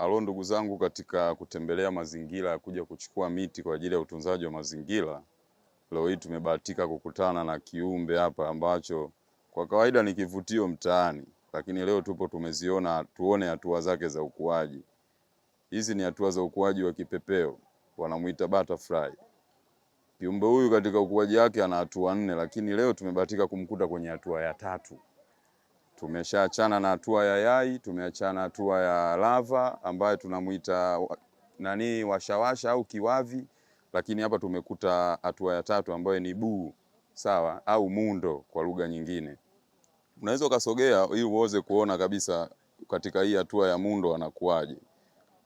alo ndugu zangu, katika kutembelea mazingira ya kuja kuchukua miti kwa ajili ya utunzaji wa mazingira, leo hii tumebahatika kukutana na kiumbe hapa ambacho kwa kawaida ni kivutio mtaani, lakini leo tupo tumeziona, tuone hatua zake za ukuaji. Hizi ni hatua za ukuaji wa kipepeo, wanamuita butterfly. Kiumbe huyu katika ukuaji wake ana hatua nne, lakini leo tumebahatika kumkuta kwenye hatua ya tatu. Tumeshaachana na hatua ya yai, tumeachana hatua ya lava ambayo tunamwita nani washawasha au kiwavi, lakini hapa tumekuta hatua ya tatu ambayo ni buu, sawa au mundo kwa lugha nyingine. Unaweza ukasogea ili uweze kuona kabisa katika hii hatua ya mundo anakuaje.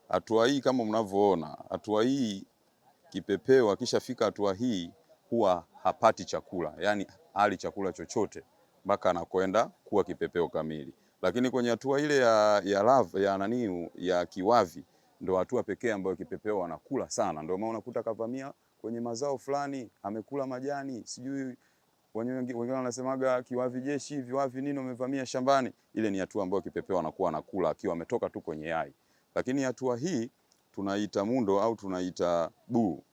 Hatua hii kama mnavyoona, hatua hii kipepeo akishafika hatua hii huwa hapati chakula, yani hali chakula chochote mpaka anakwenda kuwa kipepeo kamili. Lakini kwenye hatua ile ya ya lava, ya nani ya kiwavi ndo hatua pekee ambayo kipepeo anakula sana, ndio maana unakuta kavamia kwenye mazao fulani, amekula majani, sijui wengine wanasemaga kiwavi jeshi, viwavi nini, umevamia shambani. Ile ni hatua ambayo kipepeo anakuwa anakula akiwa ametoka tu kwenye yai, lakini hatua hii tunaita mundo au tunaita buu.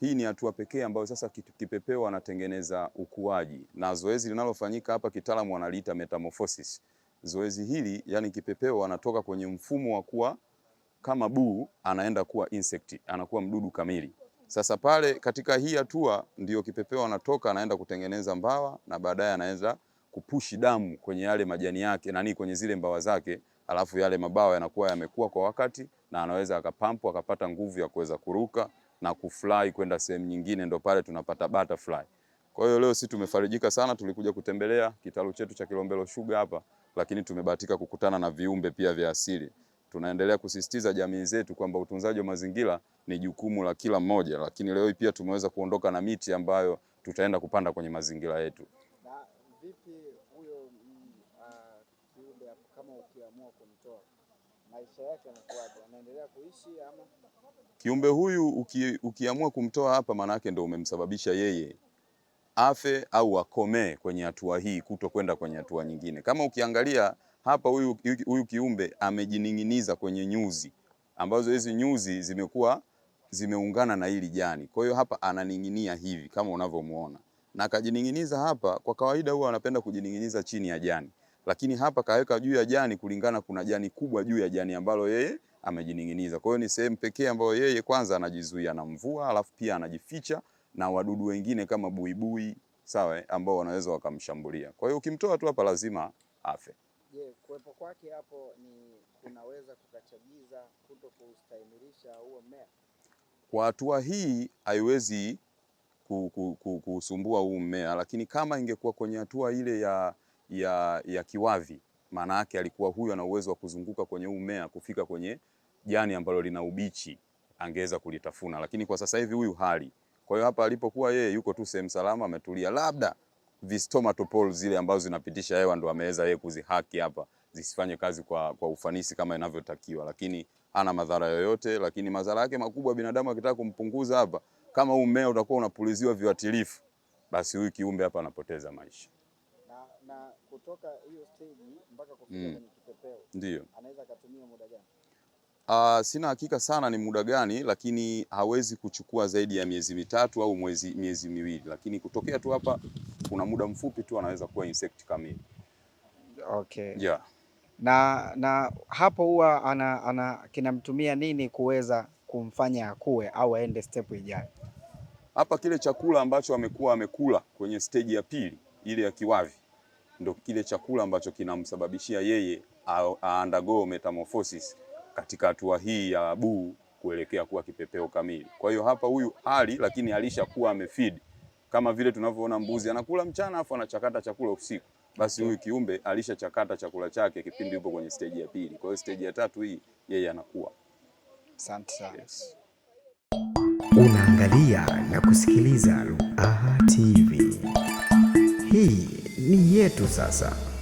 Hii ni hatua pekee ambayo sasa kipepeo anatengeneza ukuaji, na zoezi linalofanyika hapa kitaalamu wanaliita metamorphosis. Zoezi hili yani, kipepeo anatoka kwenye mfumo wa kuwa kama buu anaenda kuwa insect, anakuwa mdudu kamili. Sasa pale katika hii hatua ndiyo kipepeo anatoka anaenda kutengeneza mbawa na baadaye anaweza kupushi damu kwenye yale majani yake nani, kwenye zile mbawa zake, alafu yale mabawa yanakuwa yamekuwa kwa wakati na anaweza akapampu akapata nguvu ya kuweza kuruka na kufly kwenda sehemu nyingine, ndo pale tunapata butterfly. Kwa hiyo leo sisi tumefarijika sana, tulikuja kutembelea kitalu chetu cha Kilombero Sugar hapa, lakini tumebahatika kukutana na viumbe pia vya asili. Tunaendelea kusisitiza jamii zetu kwamba utunzaji wa mazingira ni jukumu la kila mmoja, lakini leo pia tumeweza kuondoka na miti ambayo tutaenda kupanda kwenye mazingira yetu. Na vipi huyo mm, ah, kiumbe kama ukiamua kumtoa maisha yake yanakuwaje? Anaendelea kuishi ama kiumbe huyu uki, ukiamua kumtoa hapa, maana yake ndio umemsababisha yeye afe au akomee kwenye hatua hii, kuto kwenda kwenye hatua nyingine. Kama ukiangalia hapa, huyu huyu kiumbe amejining'iniza kwenye nyuzi ambazo hizi nyuzi zimekuwa zimeungana na hili jani. Kwa hiyo hapa ananing'inia hivi kama unavyomuona, na akajining'iniza hapa. Kwa kawaida huwa anapenda kujining'iniza chini ya jani lakini hapa kaweka juu ya jani kulingana, kuna jani kubwa juu ya jani ambalo yeye amejining'iniza. Kwa hiyo ni sehemu pekee ambayo yeye kwanza anajizuia na mvua, alafu pia anajificha na wadudu wengine kama buibui, sawa, ambao wanaweza wakamshambulia. Kwa hiyo ukimtoa tu hapa lazima afe. Je, kuwepo kwake hapo ni kunaweza kukachagiza kuto kustahimilisha huo mmea? Kwa hatua hii haiwezi kusumbua huu mmea, lakini kama ingekuwa kwenye hatua ile ya ya, ya kiwavi. Maana yake alikuwa huyu ana uwezo wa kuzunguka kwenye huu mmea kufika kwenye jani ambalo lina ubichi, angeweza kulitafuna, lakini kwa sasa hivi huyu hali. Kwa hiyo hapa alipokuwa yeye yuko tu sehemu salama, ametulia, labda vistomatopol zile ambazo zinapitisha hewa ndo ameweza yeye kuzihaki hapa zisifanye kazi kwa, kwa ufanisi kama inavyotakiwa, lakini hana madhara yoyote. Lakini madhara yake makubwa, binadamu akitaka kumpunguza hapa, kama huu mmea utakuwa unapuliziwa viwatilifu, basi huyu kiumbe hapa anapoteza maisha na kutoka hiyo stage mpaka kufika mm. kwenye kipepeo ndio anaweza akatumia muda gani? Uh, sina hakika sana ni muda gani, lakini hawezi kuchukua zaidi ya miezi mitatu au mwezi, miezi miwili, lakini kutokea tu hapa kuna muda mfupi tu anaweza kuwa insect kamili. Okay. Yeah. Na, na hapo huwa ana, ana kinamtumia nini kuweza kumfanya akue au aende step ijayo? Hapa kile chakula ambacho amekuwa amekula kwenye stage ya pili ile ya kiwavi ndo kile chakula ambacho kinamsababishia yeye a undergo metamorphosis katika hatua hii ya abuu kuelekea kuwa kipepeo kamili. Kwa hiyo hapa huyu ali, lakini alishakuwa amefeed kama vile tunavyoona mbuzi anakula mchana afu anachakata chakula usiku, basi huyu kiumbe alishachakata chakula chake kipindi yupo kwenye stage ya pili. Kwa hiyo stage ya tatu hii yeye anakuwa. Asante sana. Yes. Unaangalia na kusikiliza Ruaha TV chetu sasa.